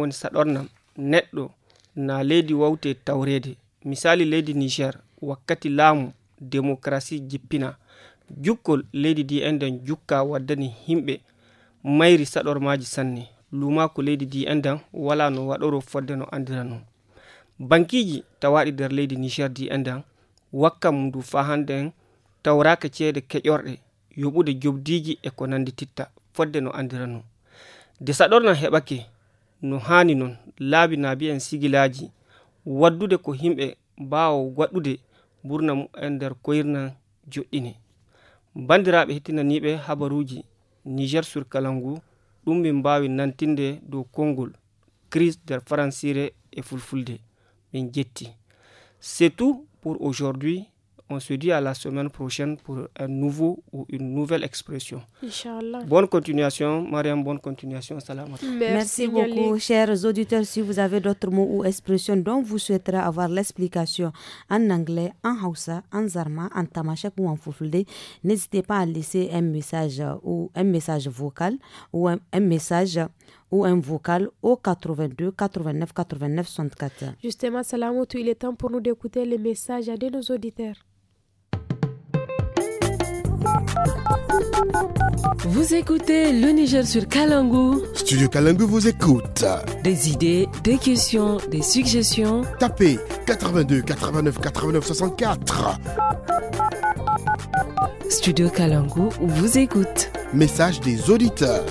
na Lady wawte tawrede misali Lady niger Wakati laamu démocratie jippina jukkol Lady Di enden jukka himbe Himbe, mayri saɗormaji sanne Lumaku leydi di endan wala no wadoro fodde no bankiji tawaɗi nder niger di endan wakka du fa hande en de ceede keƴorɗe yoɓude jobdiji e ko titta de no Labinabi noon laabi en sigilaji waddude ko himɓe mbaawa waɗɗude burna mu'en nder koyirna joɗɗine bandiraɓe hettinaniɓe habaruji niger sur kalangu ɗum mbawi nantinde do kongol crise der faransire e fulfulde min c'est tout pour aujourd'hui on se dit à la semaine prochaine pour un nouveau ou une nouvelle expression. Inchallah. Bonne continuation, Mariam, bonne continuation. Merci, beaucoup, chers auditeurs. Si vous avez d'autres mots ou expressions dont vous souhaiterez avoir l'explication en anglais, en hausa, en zarma, en tamashek ou en fulfulde, n'hésitez pas à laisser un message ou un message vocal ou un, message ou un vocal au 82 89 89 64. Justement, Salamoto, il est temps pour nous d'écouter les messages de nos auditeurs. Vous écoutez le Niger sur Kalangu. Studio Kalangu vous écoute. Des idées, des questions, des suggestions. Tapez 82 89 89 64. Studio Kalangu vous écoute. Message des auditeurs.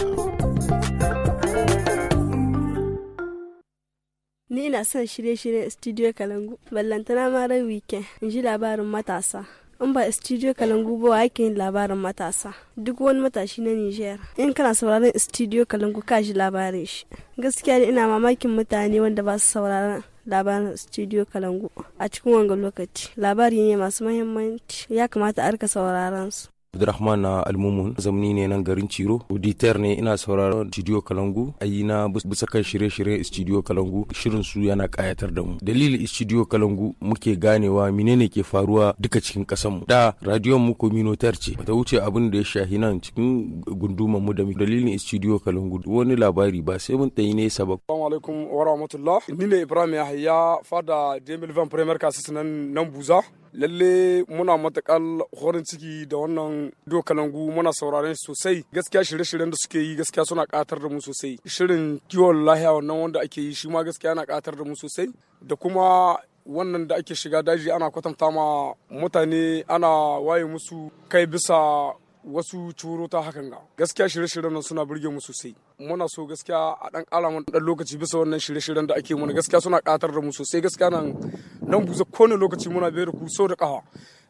Nina son Studio Kalangu, ballantana mara week-end, là in ba studio kalangu ba wa yake yin labarin matasa duk wani matashi na niger in kana sauraron studio kalangu ka ji labarin shi gaskiya ina mamakin mutane wanda ba su sauraron labarin studio kalangu a cikin wanga lokaci labari ne masu mahimmanci ya kamata a rika sauraron su Abdurrahman na Almumun zamani ne nan garin Ciro. Auditor ne ina sauraron Studio Kalangu. Ayi na bisa kan shirye-shiryen Studio Kalangu. Shirin su yana kayatar da mu. Dalilin Studio Kalangu muke ganewa menene ke faruwa duka cikin ƙasar mu. Da radio mu communautaire ce. Bata wuce abin da ya shahi nan cikin gunduman mu da dalilin Studio Kalangu. Wani labari ba sai mun tayi ne ba. Assalamu alaikum wa rahmatullah. Ni ne Ibrahim Yahya fada 2020 Premier Kasis nan nan Buza. lalle muna matakar horin ciki da wannan dokalangu muna sauraren sosai gaskiya shirye-shiryen da suke yi gaskiya suna katar da mu sosai shirin kiwon lahiya wannan wanda ake yi shi ma gaskiya yana katar da mu sosai da kuma wannan da ake shiga daji ana kwatanta ma mutane ana waye musu kai bisa wasu ta hakan ga gaskiya shirye-shiryen nan suna burge mu sosai muna so gaskiya a dan kara mun dan lokaci bisa wannan shirye-shiryen da ake mana gaskiya suna katar da mu sosai gaskiya nan nan buza kowane lokaci muna bayar ku so da kawa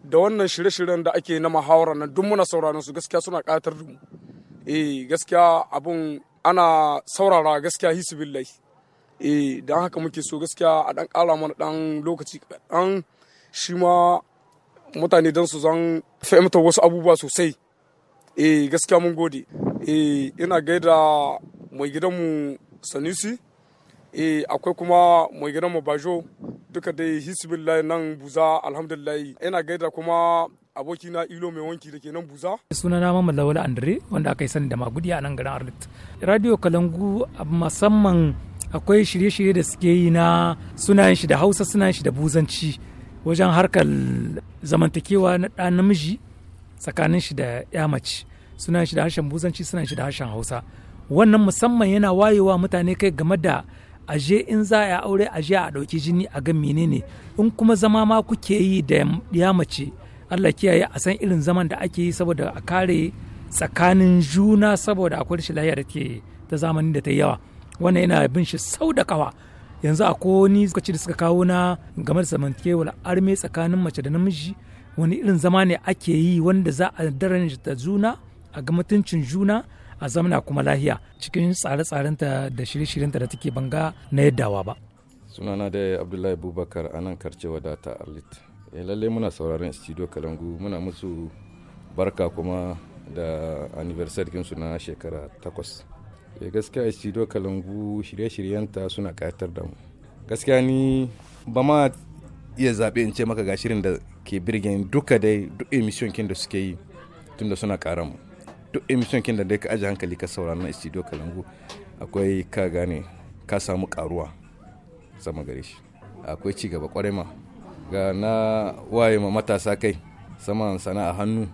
da wannan shirye-shiryen da ake na mahawara nan duk muna sauraron su gaskiya suna katar da mu eh gaskiya abun ana saurara gaskiya billahi eh dan haka muke so gaskiya a dan kara mana dan lokaci dan shi ma mutane don su zan fahimta wasu abubuwa sosai eh gaskiya mun gode eh ina gaida mai gidanmu sanusi eh akwai kuma mai gidanmu bajo duka dai hisbillahi nan buza alhamdulillah ina gaida kuma aboki na ilo mai wanki da ke nan buza suna na mamman lawala andre wanda aka yi sani da magudi a nan garin arlit radio kalangu musamman akwai shirye-shirye da suke yi na sunayen shi da hausa sunayen shi da buzanci wajen harkar zamantakewa na ɗan namiji tsakanin shi da ya mace suna shi da harshen busanci suna shi da harshen hausa wannan musamman yana wayewa mutane kai game da aje in za a aure aje a ɗauki jini a ga menene in kuma zama ma kuke yi da ya mace Allah kiyaye a san irin zaman da ake yi saboda a kare tsakanin juna saboda akwai rashin lafiya da ke ta zamanin da ta yawa wannan yana bin shi sau da kawa yanzu a ni da suka kawo na game da zamantakewar arme tsakanin mace da namiji wani irin zama ne ake yi wanda za a da juna a ga mutuncin juna a zamana kuma lahiya cikin tsare-tsarenta da shirye-shiryenta da take banga na yaddawa ba sunana da abdullahi bubakar anan karce wadata arlit eh, lallai muna sauraron studio kalangu muna musu barka kuma da anniversary kinsu na shekara takwas eh, gaskiya studio kalangu shirye-shiryenta suna kayatar da mu gaskiya ni ba ma iya zaɓe in ce maka ga shirin da ke birgen duka dai duk emission kin da suke yi tunda suna ƙara mu duk emission kin da dai ka aje hankali ka saurara na studio kalangu akwai ka gane ka samu karuwa sama gare shi akwai ci gaba kwarai ma ga na waye ma matasa kai saman sana'a hannu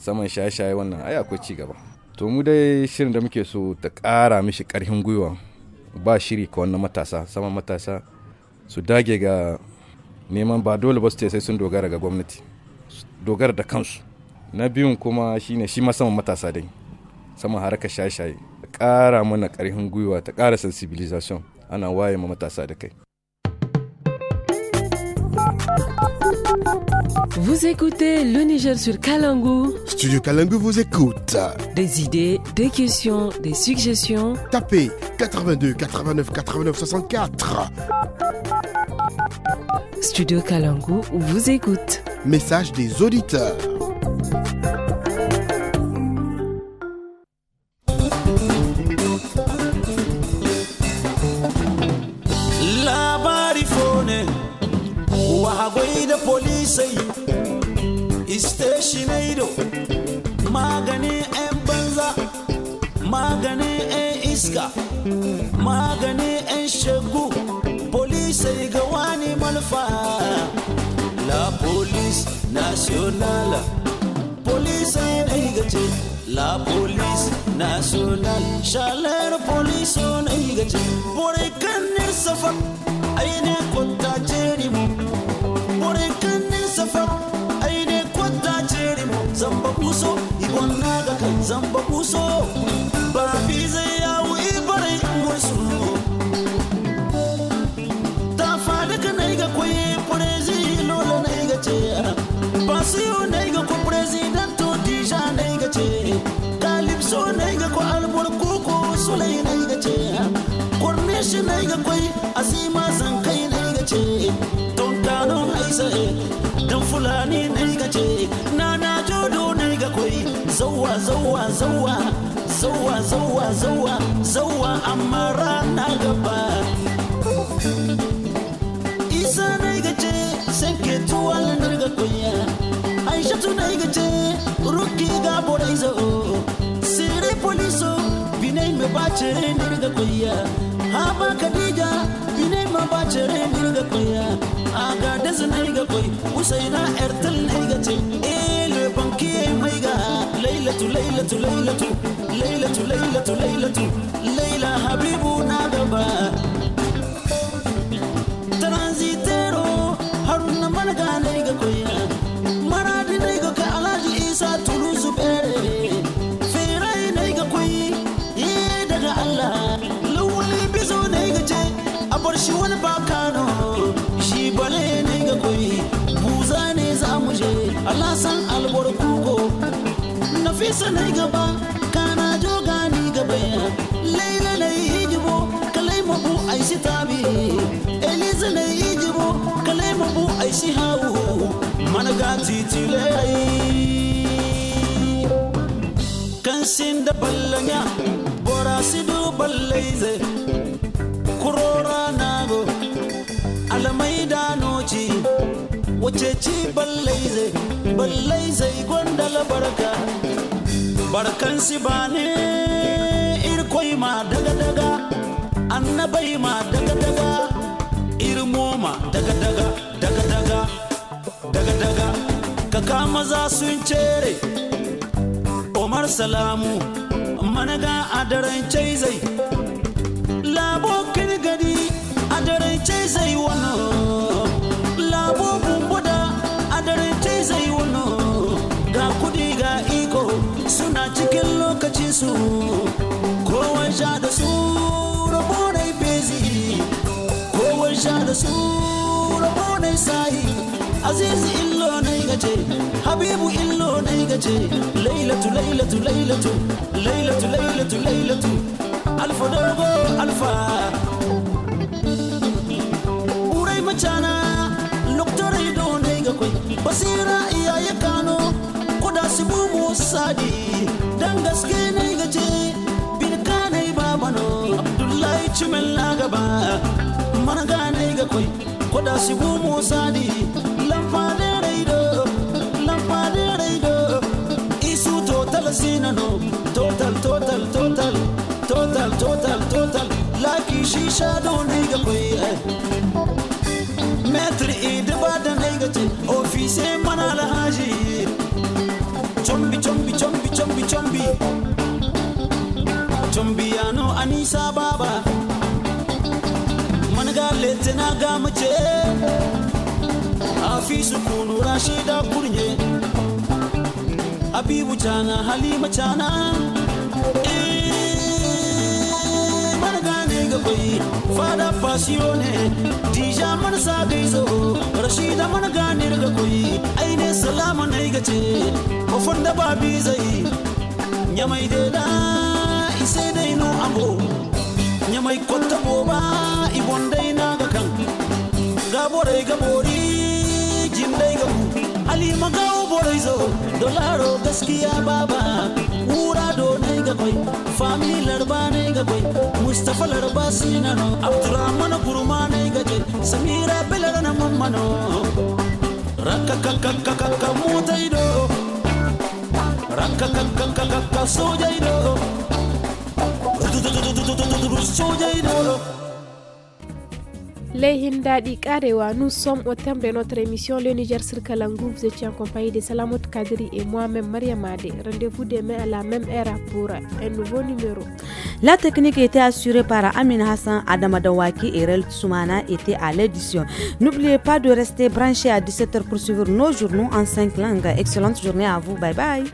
saman shaye-shaye wannan ai akwai ci gaba to mu dai shirin da muke so ta ƙara mishi ƙarfin gwiwa ba shiri ka wannan matasa saman matasa su dage ga neman ba dole ba su ce sai sun dogara ga gwamnati dogara da kansu na biyun kuma shine shi ma saman matasa dai sama harkar shaye-shaye ƙara mana ƙarfin gwiwa ta ƙara sensibilization ana waye ma matasa da kai Vous écoutez le Niger sur Kalangu. Studio Kalangu vous écoute. Des idées, des questions, des suggestions. Tapez 82 89 89 64. Studio Kalangu vous écoute. Message des auditeurs. la fone de police, polisai isteshinaido maganin 'yan banza iska faa la police nationale police eegalte la police nationale shaleen police eegalte bore kanneen safa ayidee kottaa jeerimu bore kanneen safa ayidee kottaa jeerimu zamba buusoo iboon naaga kan zamba buusoo. shi na ga kwai asima san kai na ga ce tontano haisa dan fulani na ga ce na na jodo na ga kwai zauwa zauwa zauwa zauwa zauwa zawwa zawwa amma rana gaba isa na ga ce sai ke tuwal na ga kwai aisha tu na ga ce ruki ga borai zo sire poliso binai me bace na ga kwai Aba Khadija ine ma bacere ni ga koya aga das nai ga koy Usaina Ertel nai ga ce ele banki leila tu leila tu leila Lailatu Lailatu Lailatu Laila Habibu na gaba Transite alasan albor kugo nafisa nay gaba kana joga ni gaba layla nay hijibo kalay mabu aishi tabi eliza nay hijibo kalay mabu aishi hawu managa titilay kan sin da ballanya ce ci ballai zai ballai zai gwandala barka barkan si ba ne irkwai ma daga daga annabai ma daga daga irmo ma daga daga daga daga daga daga kama za sun cere omar salamu managa a daren zai labokin gari a daren zai wani zai wano ga kudi ga iko suna cikin lokacinsu kowan sha da su rabo na bezi kowan sha da su rabo na sahi azizi illo na gace habibu illo na gace lailatu lailatu lailatu lailatu lailatu lailatu alfa dogo alfa urai macana basira iya kano kuda sibu musadi dan gaske ne gace bin kanai ba mano abdullahi cimin gaba mana gane ga koi kuda sibu musadi lamfane raido lamfane isu total sinano total total total total total total laki shisha don ne ga metri jajjate ofisee mana alhaji combi combi combi combi combi combiyano anisa baba manga lettena gamace afisu kunu rashida kurnye habibu chana halima chana. akwai fada fasiyo ne dija sa gaizo rashida mana ganir ga koi. aine salama na gace kofar da ba zai nyamai da da ise dai no ambo nyamai kwata ba, ibon dai na ga kan gaborai gabori jin dai gabu ali magawo borai zo dolaro gaskiya baba ga koy famille ne ga koy mustafa larbasina no abdurrahman gurmane ga je samira belarana mammano rakakakakakaka mutaido rakakakakakaka du sojaido nous sommes au terme de notre émission Le Niger sur Kalangou. Vous étiez en de Salamot Kadri et moi-même Maria Rendez-vous demain à la même heure pour un nouveau numéro. La technique était assurée par Amin Hassan, Adam Adawaki et Rel Soumana à l'édition. N'oubliez pas de rester branché à 17h pour suivre nos journaux en 5 langues. Excellente journée à vous. Bye bye.